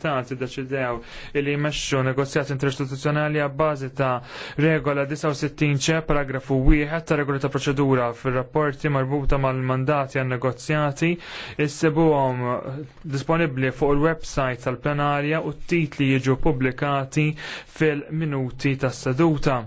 Tati deċidew li jmexxu negozjati interistituzzjonali bażi ta' regola 69 ċe paragrafu 1 ta' regola ta' proċedura fir-rapporti marbuta mal-mandati għan negozjati issibuhom disponibbli fuq il-website tal-plenarja u t-titli jiġu pubblikati fil-minuti tas-seduta.